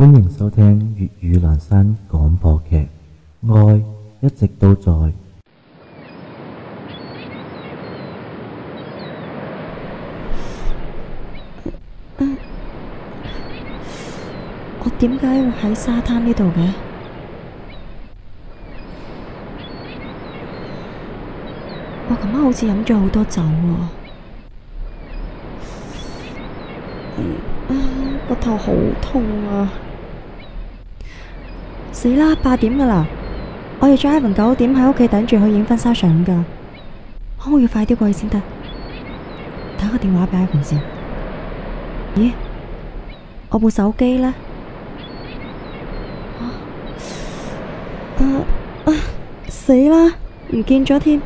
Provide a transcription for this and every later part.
歡迎收聽粵語闌珊廣播劇《愛一直都在》。我點解會喺沙灘呢度嘅？我琴晚好似飲咗好多酒喎。嗯，個、嗯嗯、頭好痛啊！死啦，八點噶啦，我約咗 Evan 九點喺屋企等住去影婚紗相噶，我我要快啲過去先得，打個電話俾 Evan 先。咦，我部手機呢？啊，啊，死啦，唔見咗添。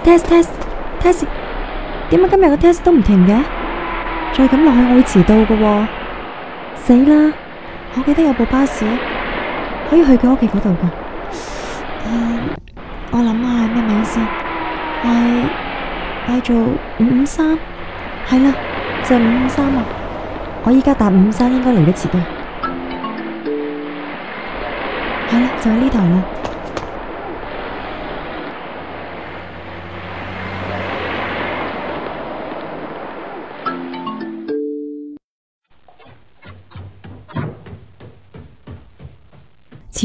test test test t 點解今日個 test 都唔停嘅？再咁落去我會遲到噶，死啦！我記得有部巴士可以去佢屋企嗰度噶。我諗下係咩名先？係嗌做五五三，係啦，就係五五三啦。我依家搭五五三應該嚟得切嘅！係啦，就喺呢度啦。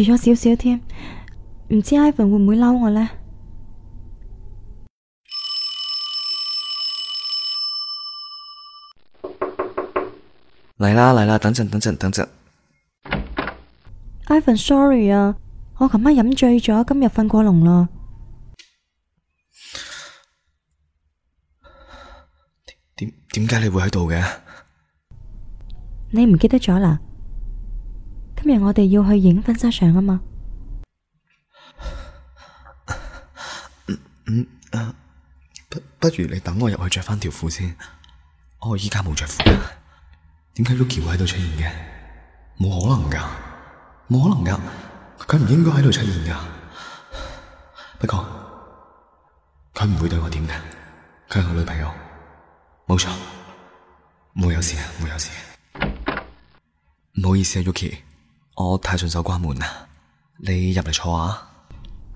遲咗少少添，唔知 Ivan 會唔會嬲我呢？嚟啦嚟啦，等陣等陣等陣。Ivan，sorry 啊，我琴晚飲醉咗，今日瞓過龍啦。點點解你會喺度嘅？你唔記得咗啦？今日我哋要去影婚紗相啊嘛。嗯，嗯、啊、不，不如你等我入去着翻條褲先。我依家冇着褲。點解 Yuki 會喺度出現嘅？冇可能噶，冇可能噶，佢唔應該喺度出現噶。不過佢唔會對我點嘅，佢係我女朋友，冇錯，冇有，有事啊，冇有，有事。唔好意思啊，Yuki 我太順手關門啦，你入嚟坐下啊！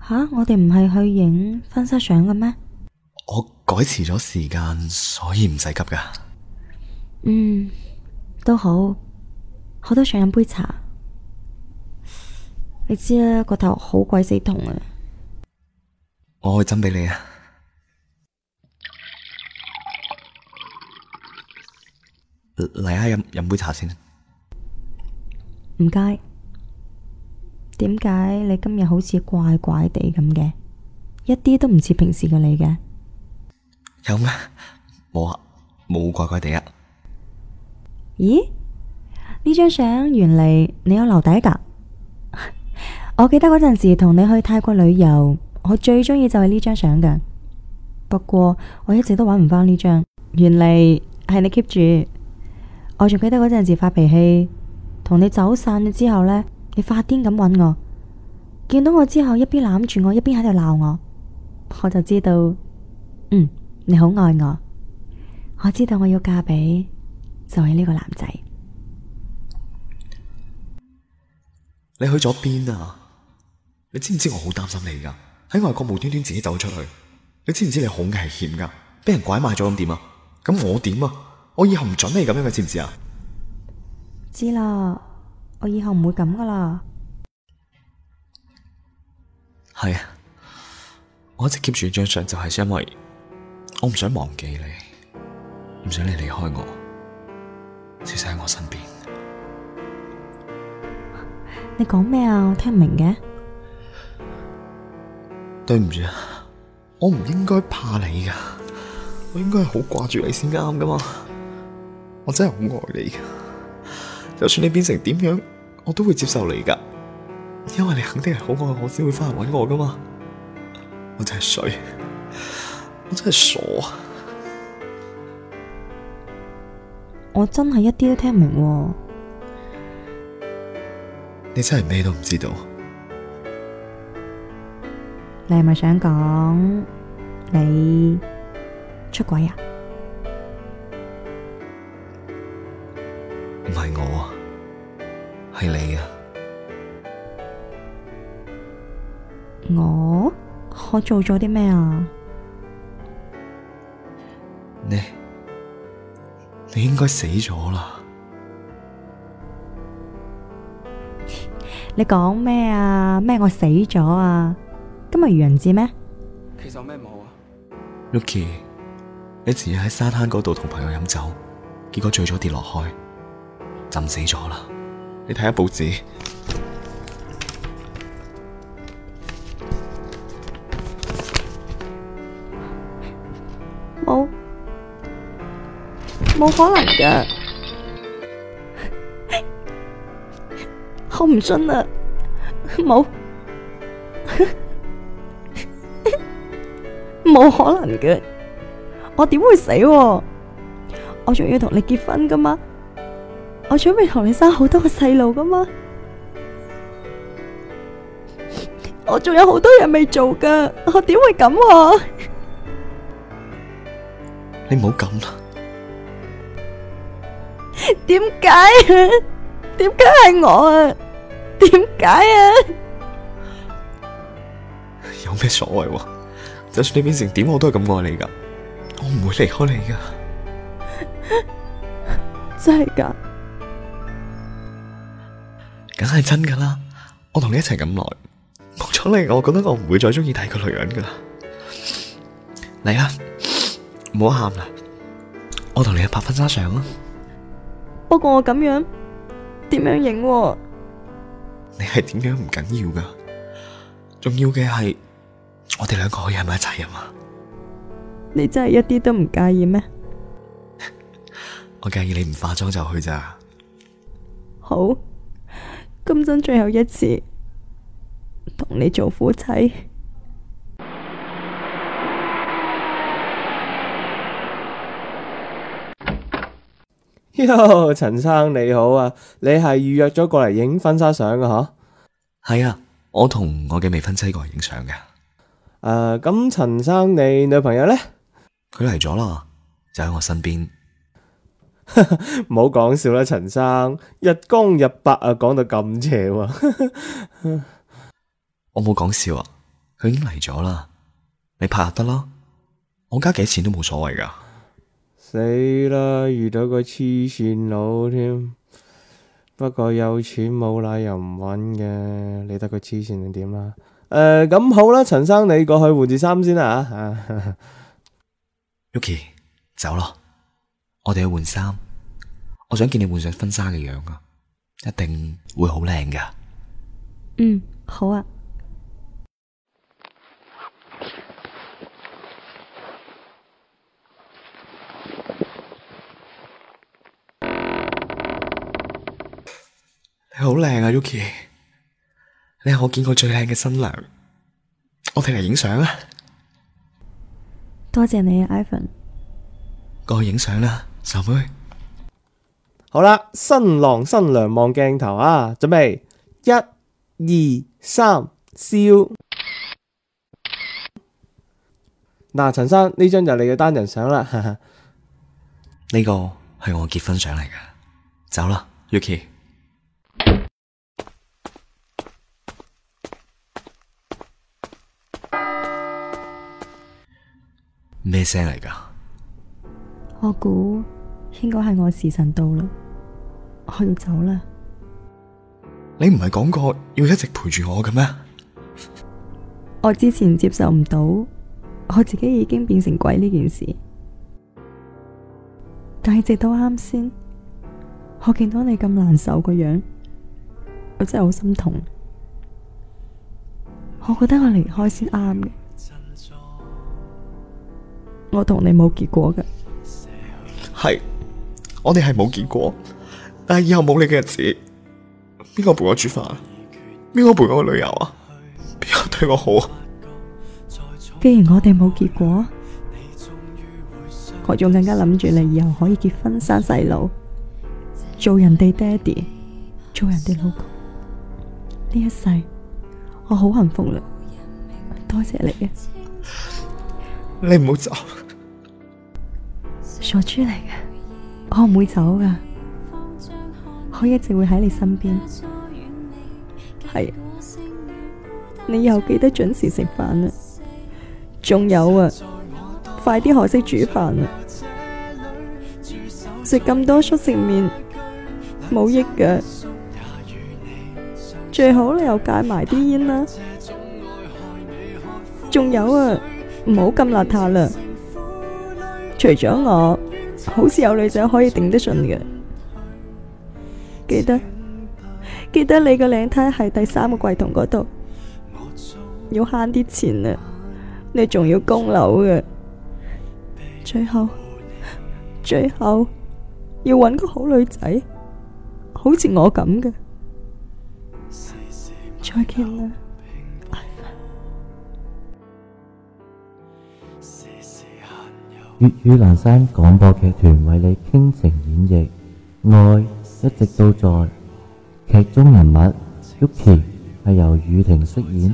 吓，我哋唔係去影婚紗相嘅咩？我改遲咗時間，所以唔使急噶。嗯，都好，我都想飲杯茶。你知啊，個頭好鬼死痛啊！我去斟俾你啊！嚟下飲飲杯茶先。唔該。謝謝點解你今日好似怪怪地咁嘅？一啲都唔似平時嘅你嘅。有咩？冇啊，冇怪怪地啊。咦？呢張相原嚟你有留底噶？ 我記得嗰陣時同你去泰國旅遊，我最中意就係呢張相噶。不過我一直都揾唔翻呢張，原嚟係你 keep 住。我仲記得嗰陣時發脾氣，同你走散咗之後呢。你發癲咁搵我，見到我之後一邊攬住我，一邊喺度鬧我，我就知道，嗯，你好愛我，我知道我要嫁俾就係呢個男仔。你去咗邊啊？你知唔知我好擔心你噶？喺外國無端端自己走出去，你知唔知你好危險噶？俾人拐賣咗咁點啊？咁我點啊？我以後唔准你咁樣嘅，知唔知啊？知啦。我以後唔會咁噶啦。係啊，我一直 keep 住張相就係因為，我唔想忘記你，唔想你離開我，只想喺我身邊。你講咩啊？我聽唔明嘅。對唔住啊，我唔應該怕你噶，我應該係好掛住你先啱噶嘛。我真係好愛你噶，就算你變成點樣我都會接受你噶，因為你肯定係好愛我先會翻嚟搵我噶嘛，我真係衰，我真係傻啊，我真係一啲都聽唔明。你真係咩都唔知道，你係咪想講你出軌啊？唔係我。係你啊！我我做咗啲咩啊？你你應該死咗啦！你講咩啊？咩我死咗啊？今日愚人節咩？其實咩冇啊？Lucy，你自己喺沙灘嗰度同朋友飲酒，結果醉咗跌落去，浸死咗啦！你睇下報紙，冇，冇可能噶，好唔 信 啊，冇，冇可能嘅，我點會死？我仲要同你結婚噶嘛？我準備同你生好多個細路噶嘛，我仲有好多嘢未做噶，我點會咁啊？你唔好咁啦！點解？點解係我啊？點解啊？有咩所謂？就算你變成點，我都係咁愛你噶，我唔會離開你噶，真係噶。梗係真噶啦！我同你一齊咁耐，冇錯，你我覺得我唔會再中意第二個女人噶啦。嚟啦，唔好喊啦！我同你去拍婚紗相咯。不過我咁樣點樣影啊？你係點樣唔緊要噶，重要嘅係我哋兩個可以喺埋一齊啊嘛！你真係一啲都唔介意咩？ 我介意你唔化妝就去咋。好。今生最後一次同你做夫妻。喲，陳生你好啊，你係預約咗過嚟影婚紗相噶？吓？係啊，我同我嘅未婚妻過嚟影相㗎。誒、啊，咁陳生你女朋友呢？佢嚟咗啦，就喺我身邊。唔好講笑啦，陳生，日光日白啊，講到咁邪。我冇講笑啊，佢已經嚟咗啦，你拍下得啦，我而家幾錢都冇所謂噶。死啦，遇到個黐綫佬添，不過有錢冇奶又唔穩嘅，理得個黐綫定點啊？誒、呃，咁好啦，陳生你過去換住衫先、啊、 uki, 啦吓 Yuki 走咯。我哋去換衫，我想見你換上婚紗嘅樣啊，一定會好靚㗎。嗯，好啊。你好靚啊，Yuki，你係我見過最靚嘅新娘，我哋嚟影相啦。多謝你啊，Ivan，過去影相啦。傻妹，好啦，新郎新娘望鏡頭啊，準備一二三，笑。嗱，啊，陳生呢張就你嘅單人相啦，哈哈，呢個係我結婚相嚟噶。走啦，Ricky！咩聲嚟噶？我估應該係我時辰到啦，我要走啦。你唔係講過要一直陪住我嘅咩？ 我之前接受唔到我自己已經變成鬼呢件事，但係直到啱先，我見到你咁難受個樣，我真係好心痛。我覺得我離開先啱嘅，我同你冇結果嘅。係，我哋係冇結果，但係以後冇你嘅日子，邊個陪我煮飯？邊個陪我旅遊啊？邊個對我好啊？既然我哋冇結果，我仲更加諗住你以後可以結婚生細路，做人哋爹哋，做人哋老公，呢一世我好幸福啦！多謝你嘅，你唔好走。傻豬，我唔會走噶，我一直會喺你身邊。係，你又記得準時食飯啦。仲有啊，快啲學識煮飯啦。食咁多速食麵冇益噶，最好你又戒埋啲煙啦。仲有啊，唔好咁邋遢啦。除咗我。好似有女仔可以頂得順嘅，記得，記得你個領呔係第三個櫃筒嗰度，要慳啲錢啊！你仲要供樓嘅，最後最後要搵個好女仔，好似我咁嘅，再見啦！粵語闌珊廣播劇團為你傾情演繹《愛一直都在》。劇中人物 Yuki 係由雨婷飾演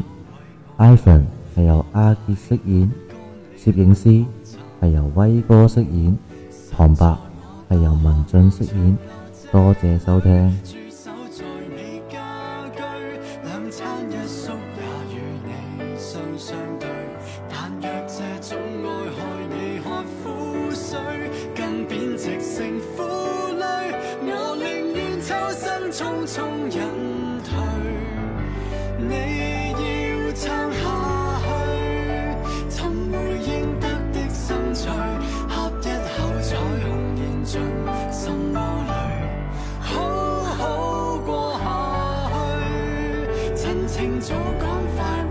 ，Ivan 係由阿杰飾演，攝影師係由威哥飾演，旁白係由文俊飾演。多謝收聽。成負累，我寧願抽身匆匆隱退。你要撐下去，尋回應得的心碎，恰一口彩虹燃盡心魔淚，好好過下去，趁情早趕快。